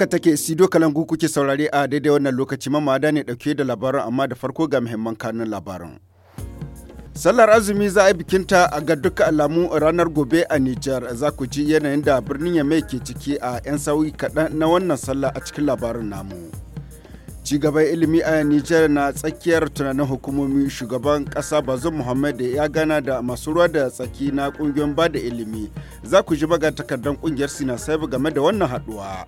Haka take Sido ku kuke saurare a daidai wannan lokaci mamada ne dauke da labaran amma da farko ga muhimman kanun labaran. Sallar azumi za a yi bikinta a ga duka alamu ranar gobe a Nijar za ku ji yanayin da birnin Yamai ke ciki a 'yan sauyi kaɗan na wannan sallah a cikin labarin namu. Ci gaban ilimi a Nijar na tsakiyar tunanin hukumomi shugaban ƙasa Bazum Muhammad ya gana da masu ruwa da tsaki na ƙungiyoyin ba da ilimi. Za ku ji takardar ƙungiyar Sina game da wannan haɗuwa.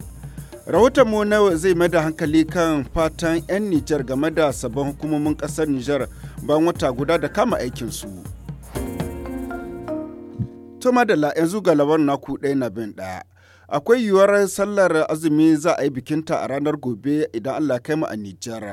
mu na zai mai da hankali kan fatan 'yan Nijar game da sabon hukumomin kasar Nijar ban wata guda da kama aikinsu. To da yanzu ga labar naku ɗaya na bin ɗaya. akwai yiwuwar sallar azumi za a yi bikinta a ranar gobe idan Allah kai mu a Nijar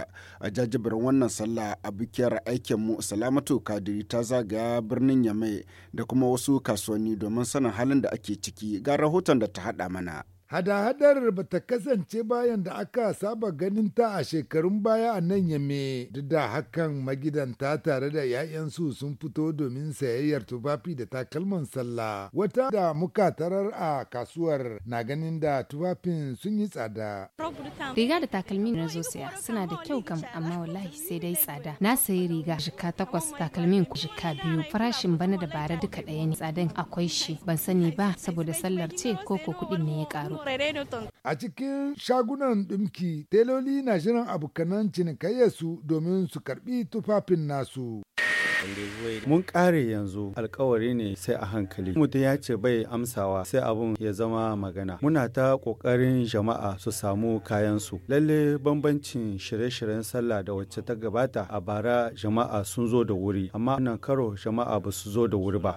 a jajibirin wannan sallah a bikiyar aikin mu Salamatu Kadiri ta zagaya birnin Yamai da kuma wasu kasuwanni domin sanin halin da ake ciki ga rahoton da ta haɗa mana. Hada-hadar ba ta kasance bayan da aka saba ganin ta a shekarun baya a nan yame duk da hakan magidanta tare da 'ya'yansu sun fito domin sayayyar tufafi da takalman sallah. Wata da muka tarar a kasuwar na ganin da tufafin sun yi tsada. Riga da takalmi na zo saya suna da kyau kam amma wallahi sai dai tsada. Na sayi riga jika takwas takalmin ku jika biyu farashin bana da bara duka ɗaya ne tsadan akwai shi ban sani ba saboda sallar ce ko ko kuɗin ne ya ƙaru. A cikin shagunan ɗumki, teloli na jiran abokanan cinikayyarsu domin su karɓi tufafin nasu. Mun kare yanzu alkawari ne sai a hankali. Mutum ya ce bai amsawa sai abun ya zama magana. Muna ta kokarin jama'a su samu kayansu. Lalle bambancin shirye-shiryen sallah da wacce ta gabata a bara jama'a sun zo da wuri amma nan karo jama'a ba su zo da wuri ba.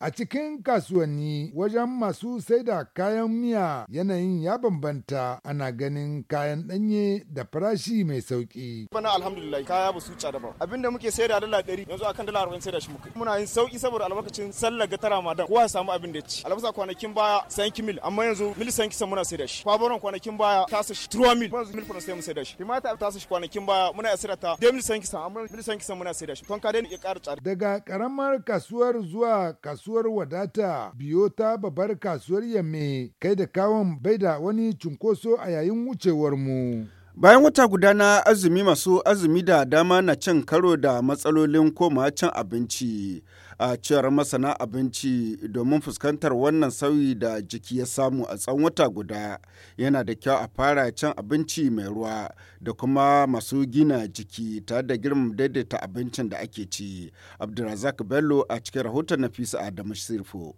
A cikin kasuwanni wajen masu sai da kayan miya yanayin ya bambanta ana ganin kayan ɗanye da farashi mai sauƙi. Bana alhamdulillah kaya ba su Abinda muke sai da dala ɗari yanzu akan dala arba'in sai da shi muka muna yin sauki saboda albarkacin sallar ga tara madan kowa ya samu abin da ci albasa kwanakin baya ki mil amma yanzu mil sanki san muna sai da shi fabaron kwanakin baya tasa shi truwa mil yanzu mil kuna sai mu sai da shi timata tasa shi kwanakin baya muna ya sirata dai mil sanki san amma mil sanki san muna sai da shi ton dai ya ƙara tsari daga karamar kasuwar zuwa kasuwar wadata biyo ta babbar kasuwar yamme kai da kawon bai da wani cunkoso a yayin wucewar mu Bayan wata guda na azumi masu azumi da dama na cin karo da matsalolin koma cin abinci a cewar masana abinci domin fuskantar wannan sauyi da jiki ya samu a tsawon wata guda yana da kyau a fara cin abinci mai ruwa da kuma masu gina jiki tare da girmam daidaita abincin da ake ci. Abdulrazak Bello a cikin rahoton Nafisa Adamu Sirfo.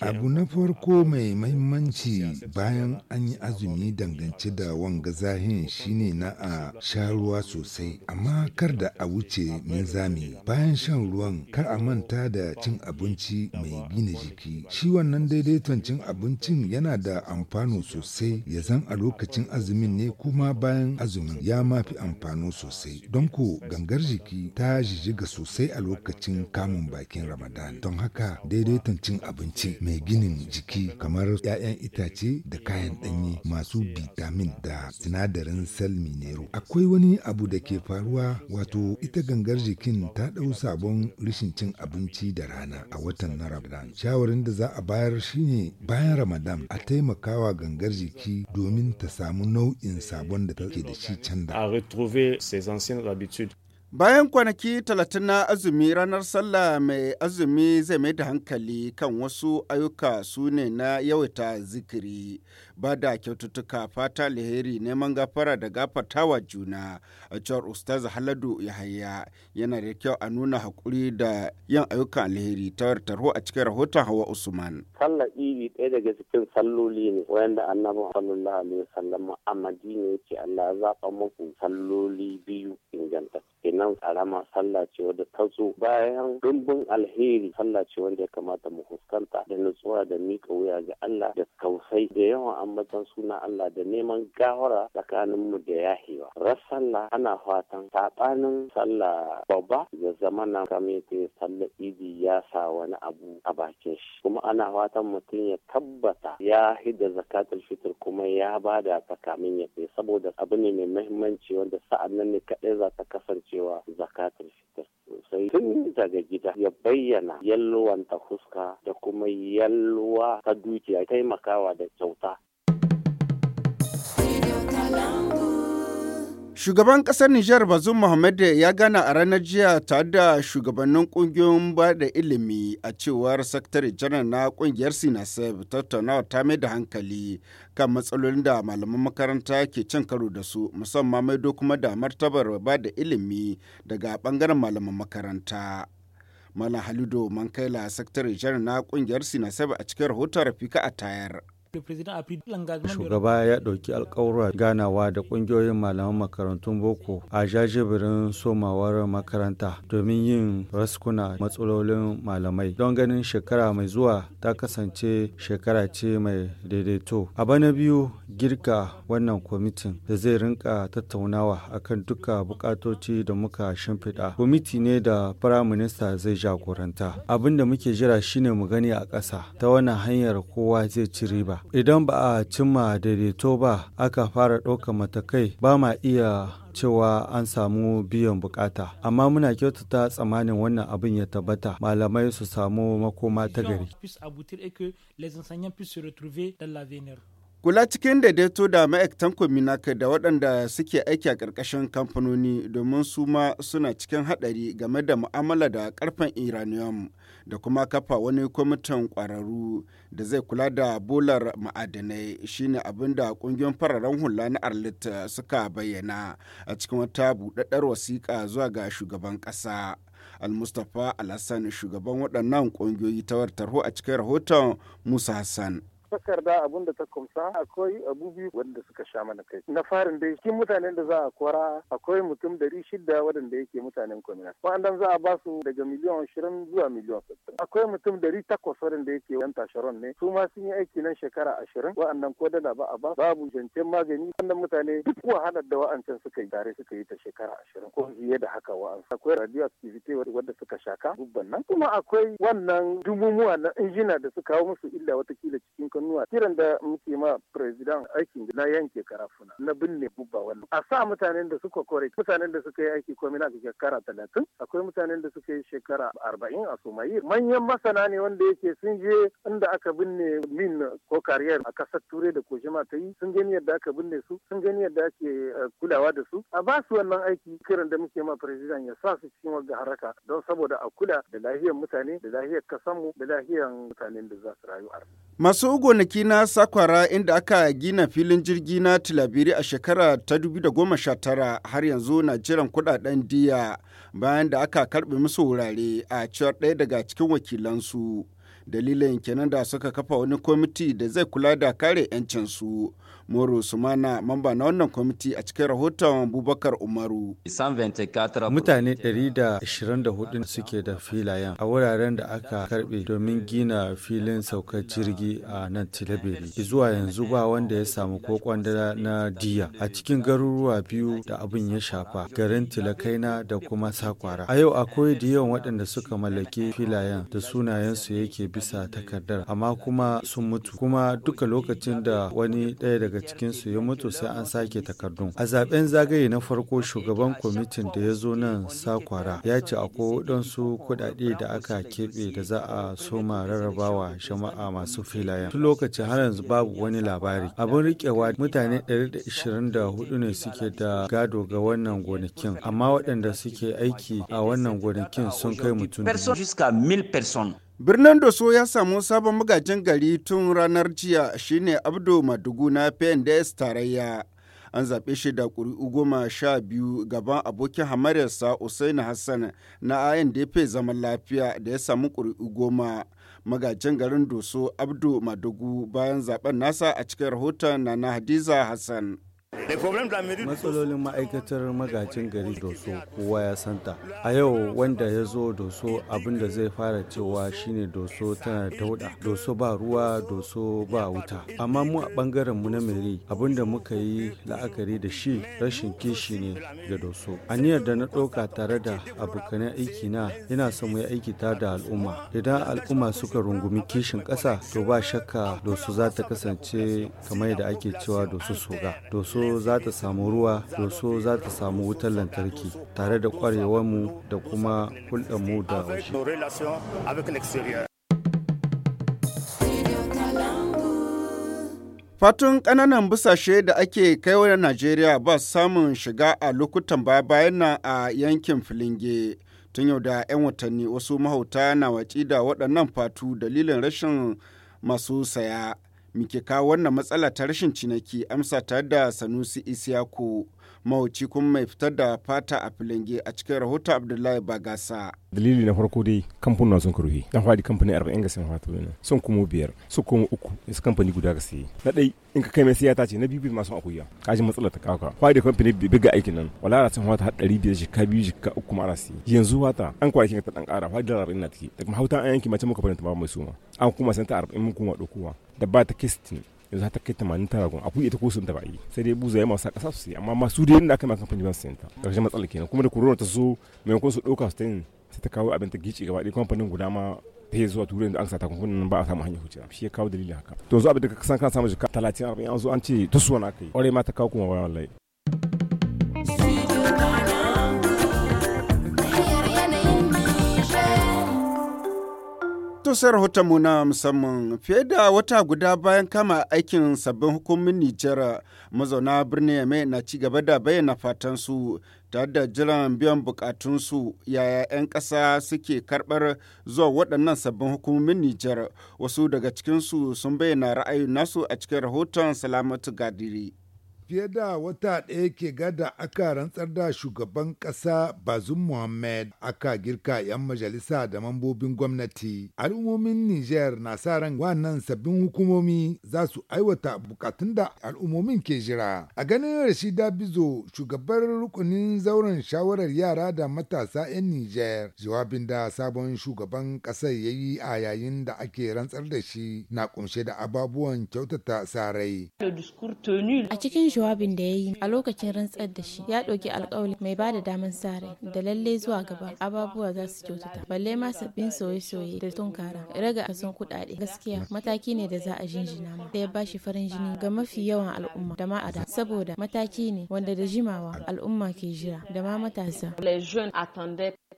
Abu na farko mai mahimmanci bayan an yi azumi dangance da wanga zahin shine na a sha ruwa sosai, amma kar da a wuce zami. Bayan shan ruwan kar a manta da cin abinci mai gina jiki. Shi wannan daidaiton cin abincin yana da amfano sosai ya zan a lokacin azumin ne kuma bayan azumin ya mafi amfano sosai. Don ko gangar jiki ta jijiga sosai a lokacin kamun bakin Ramadan. Don haka dai daidaiton cin abinci mai ginin jiki kamar 'ya'yan itace da kayan ɗanye masu bitamin da sinadarin sel minero. Akwai wani abu da ke faruwa wato ita gangar jikin ta ɗau sabon rishin cin abinci da rana a watan na Ramadan. Shawarin da za a bayar shine bayan Ramadan a taimakawa gangar jiki domin ta samu nau'in sabon da take da shi can da. Bayan kwanaki talatin na azumi ranar sallah mai azumi zai mai da hankali kan wasu ayyuka su ne na yawaita zikiri, ba da kyaututtuka fata alheri neman gafara da gafartawa juna a cewar Ustaz Haladu Yahaya yana da kyau a nuna haƙuri da yin ayyukan alheri ta tarho a cikin rahoton Hawa Usman. Sallar iri ɗaya daga cikin salloli ne wanda annabi sallallahu alaihi wasallam a Madina yake Allah ya zaɓa muku salloli biyu ingantacce. kenan karama sallah ce wadda ta zo bayan dimbin alheri sallah ce wanda ya kamata mu fuskanta da nutsuwa da miƙa wuya ga Allah da kausai da yawan ambaton suna Allah da neman gawara tsakanin mu da yahewa ras sallah ana fatan sabanin sallah babba ya zama na kamar sallar idi ya sa wani abu a bakin shi kuma ana fatan mutum ya tabbata ya hidda zakatul fitr kuma ya bada ta kamin ya saboda abu ne mai muhimmanci wanda sa'an nan ne kaɗai za ta kasance cewa zakatul fitar sosai tun daga gida ya bayyana yalwanta fuska da kuma yalwa ta dukiya taimakawa da kyauta Shugaban ƙasar Nijar Bazoum Mohamed ya gana a ranar jiya tare da shugabannin ƙungiyoyin ba da ilimi a cewar Sakatare Janar na ƙungiyar Sinasef tattaunawa ta mai da hankali kan matsalolin da malaman makaranta ke cin karo da su musamman mai kuma da martabar ba da ilimi daga ɓangaren malaman makaranta. Mala Halidu Mankaila Sakatare Janar na ƙungiyar Sinasef a cikin rahoton Rafika a tayar. Shugaba ya ɗauki alkawura ganawa da ƙungiyoyin malaman makarantun boko a jajibirin somawar makaranta domin yin raskuna matsalolin malamai don ganin shekara mai zuwa ta kasance shekara ce mai daidaito. A bana biyu girka wannan kwamitin da zai rinka tattaunawa akan duka bukatoci da muka shimfiɗa. Kwamiti ne da firaminista zai jagoranta. Abin da muke jira shine mu gani a ƙasa ta wannan hanyar kowa zai ci riba. idan ba a cimma daidaito ba aka fara ɗaukar matakai ba ma iya cewa an samu biyan bukata amma muna kyautata tsammanin wannan abin ya tabbata malamai su samu makoma ta gari Kula cikin daidaito da ma'aikatan Kominaka da waɗanda suke aiki a ƙarƙashin kamfanoni domin su ma suna cikin haɗari game da mu'amala da ƙarfen uranium da kuma kafa wani kwamitin ƙwararru da zai kula da bolar ma'adanai shine abin da ƙungiyar fararen hula na Arlit suka bayyana a cikin wata buɗaɗɗar wasiƙa zuwa ga shugaban ƙasa. Al-Mustapha al shugaban waɗannan ƙungiyoyi ta tarho a cikin rahoton Musa Hassan. takarda abinda da ta kumsa akwai abu biyu wanda suka sha mana kai na farin dai cikin mutanen da za a kora akwai mutum dari shida wadanda yake mutanen kwamina wa'andan za a ba su daga miliyan ashirin zuwa miliyan sittin akwai mutum dari takwas wadanda yake yan tasharon ne su ma sun yi aiki nan shekara ashirin wa'andan ko dala ba a ba babu jancen magani wannan mutane duk wahalar da wa'ancan suka yi tare suka yi ta shekara ashirin ko fiye da haka wa'ansu akwai activity wadda suka shaka gubban nan kuma akwai wannan dumumuwa na injina da suka kawo musu illa watakila cikin kunnuwa kiran da muke ma president aikin na yanke karafuna na binne bubba wannan a sa mutanen da suka kore mutanen da suka yi aiki komai na shekara talatin akwai mutanen da suka yi shekara arba'in a somayi manyan masana ne wanda yake sun je inda aka binne min ko kariyar a kasar turai da kojima ta yi sun gani yadda aka binne su sun gani yadda ake eh, kulawa da su a ba su wannan aiki kiran da muke ma president ya sa su cikin wagga haraka don saboda a kula da lahiyar mutane da lahiyar kasanmu da lahiyar mutanen da za su rayu a masu gonaki na Sakwara inda aka gina filin jirgi na Tilabiri a shekara ta 2019 har yanzu na jiran kudaden diya bayan da aka karbe musu wurare a cewar ɗaya daga cikin wakilansu. Dalilin kenan da suka kafa wani kwamiti da zai kula da kare 'yancinsu. Moro Sumana mamba na wannan kwamiti a cikin rahoton Bubakar Umaru. Mutane 124 suke da filayen a wuraren da aka karbe domin gina filin saukar jirgi a nan Tilabiri. Zuwa yanzu ba wanda ya samu ko kwandala na diya a cikin garuruwa biyu da abin ya shafa garin Tilakaina da kuma Sakwara. A yau akwai da yawan waɗanda suka mallaki filayen da sunayensu yake bisa takardar amma kuma sun mutu kuma duka lokacin da wani daya daga su ya mutu sai an sake takardun. A zaben zagaye na farko shugaban kwamitin da ya zo nan sakwara ya ce akwai waɗansu kuɗaɗe da aka keɓe da za a soma rarrabawa jama'a masu filayen. Tun lokacin har yanzu babu wani labari. Abin riƙewa mutane 124 ne suke da gado ga wannan gonakin, amma waɗanda suke aiki a wannan gonakin sun kai mutum. Birnin Doso ya samu sabon magajin gari tun ranar jiya shine Abdu Madugu na PNDS tarayya. An zaɓe shi da ƙuri'u goma sha biyu gaban abokin hamararsa Usaini Hassan na INDP zaman lafiya da ya samu ƙuri'u goma. Magajin garin Doso Abdu Madugu bayan zaɓen nasa a cikin rahoton na Hadiza Hassan. matsalolin ma'aikatar magajin gari doso kowa ya santa a yau wanda ya zo doso abin da zai fara cewa shine doso tana da dauda doso ba ruwa doso ba wuta amma mu a bangaren mu na meri abun da muka yi la'akari da shi rashin kishi ne ga doso aniyar da na ɗauka tare da abokanan aiki na yana son mu yi aiki tare da al'umma idan al'umma suka rungumi kishin ƙasa to ba shakka doso za ta kasance kamar da ake cewa doso soga doso zata za ta samu ruwa so za ta samu wutar lantarki tare da mu da kuma hulɗarmu da Fatun kananan busashe da ake kaiwa Najeriya ba samun shiga a lokutan baya-bayan na a yankin Filinge. Tun yau da 'yan watanni wasu mahauta na watsi da waɗannan fatu dalilin rashin masu saya. muke kawo wannan matsala ta rashin cinaki amsa ta da sanusi isiyaku mawuci kuma mai fitar da fata a filange a cikin rahoton abdullahi bagasa dalili na farko dai kamfanin sun kurhe dan fadi kamfanin 40 ga sun fata wani sun kuma biyar su kuma uku su kamfani guda ga sai na dai in ka kai mai siyata ce na biyu masu akuya kaji matsala ta kaka fadi kamfani bai ga aikin nan wala ra sun fata har biyar jikka biyu ka uku mara sai yanzu wata an aikin ta dan kara fadi da 40 na take da kuma hauta an yanki mace muka fara ta ba mai suma an kuma santa 40 mun kuma dokuwa da ba ta kistin yanzu ta kai tamanin tara gun abu ita ko sun ta ba'i sai dai buzaye masu kasa su amma masu da inda aka maka kamfani ban sayanta yanta karshen matsala kenan kuma da corona ta zo maimakon su ɗauka su ta yin sai ta kawo abin ta gici gaba ɗaya kamfanin guda ma ta yi zuwa turai da an sa kamfanin nan ba a samu hanyar hucewa shi ya kawo dalilin haka to yanzu abin da ka san ka samu jika talatin arba'in an zo an ce ta suwa na kai ƙwarai ma ta kawo kuma wallahi to rahoton rahotonmu na musamman fiye da wata guda bayan kama aikin sabbin hukumin Nijar mazauna birnin Yame na ci gaba da bayyana fatansu tare da jiran biyan bukatunsu yaya 'yan ƙasa suke karɓar zuwa waɗannan sabbin hukumomin Nijar wasu daga cikinsu sun bayyana ra'ayin nasu a cikin rahoton Salamatu Gadiri. fiye da wata ɗaya ke gada aka rantsar da shugaban ƙasa bazum muhammad aka girka 'yan majalisa da mambobin gwamnati al'ummomin niger na sa ran wannan sabbin hukumomi za su aiwata bukatun da al'ummomin ke jira a ganin rashida bizo shugabar rukunin zauren shawarar yara da matasa 'yan niger jawabin da sabon shugaban ƙasar ya yi a yayin da ake rantsar da shi na kunshe da ababuwan kyautata sarai a cikin jawabin da ya yi a lokacin rantsar da shi ya ɗauki alkawali mai ba da daman sa rai da lalle zuwa gaba ababuwa za su kyautata balle ma sabbin soye-soye da tunkara raga kason kuɗaɗe gaskiya mataki ne da za a jinjina ma da ya bashi farin jini ga mafi yawan al'umma da ma'ada saboda mataki ne wanda da jimawa al'umma ke jira da ma matasa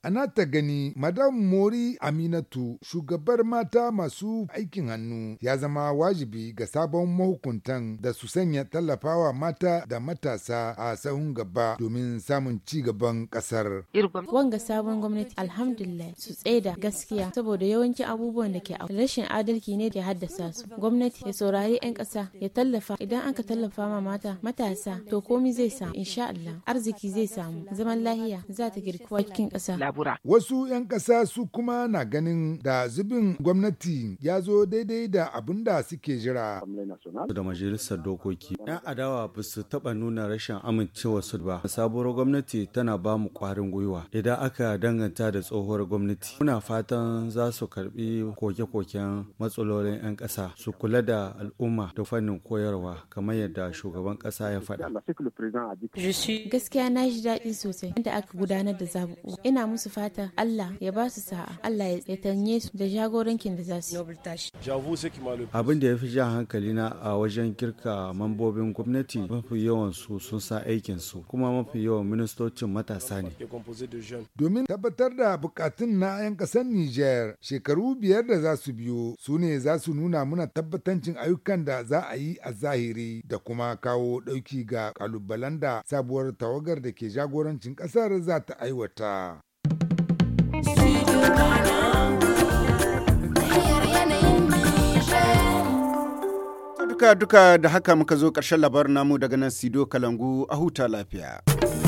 A ta gani, Madam Mori Aminatu, shugabar mata masu aikin hannu, ya zama wajibi ga sabon mahukuntan da su sanya tallafawa mata da matasa a sahun gaba domin samun ci gaban kasar. Wanga sabon gwamnati alhamdulillah su tsaida gaskiya saboda yawanci abubuwan da ke a rashin adalci ne ke haddasa su. Gwamnati ya saurari 'yan kasa ya tallafa idan aka tallafa ma mata matasa to komi zai samu insha arziki zai samu zaman lahiya za ta girkuwa cikin kasa. babura. Wasu 'yan ƙasa su kuma na ganin da zubin gwamnati ya zo daidai da abin da suke jira. Da majalisar dokoki, 'yan adawa ba su taɓa nuna rashin amincewa su ba. Sabuwar gwamnati tana ba mu ƙwarin gwiwa. Idan aka danganta da tsohuwar gwamnati, muna fatan za su karɓi koke-koken matsalolin 'yan ƙasa su kula da al'umma da fannin koyarwa kamar yadda shugaban ƙasa ya faɗa. Gaskiya na ji daɗi sosai inda aka gudanar da zaɓuɓɓuka. Ina musu masu fata Allah ya ba su sa'a Allah ya tanye su da jagorankin da za su abin da ya fi jan hankali na a wajen kirka mambobin gwamnati mafi yawan su sun sa aikin su kuma mafi yawan ministocin matasa ne domin tabbatar da bukatun na 'yan kasar Niger shekaru biyar da za su biyo su ne za su nuna muna tabbatancin ayyukan da za a yi a zahiri da kuma kawo ɗauki ga kalubalen da sabuwar tawagar da ke jagorancin ƙasar za ta aiwata. duka-duka da haka muka zo ƙarshen labarin namu daga nan sido kalangu a huta lafiya.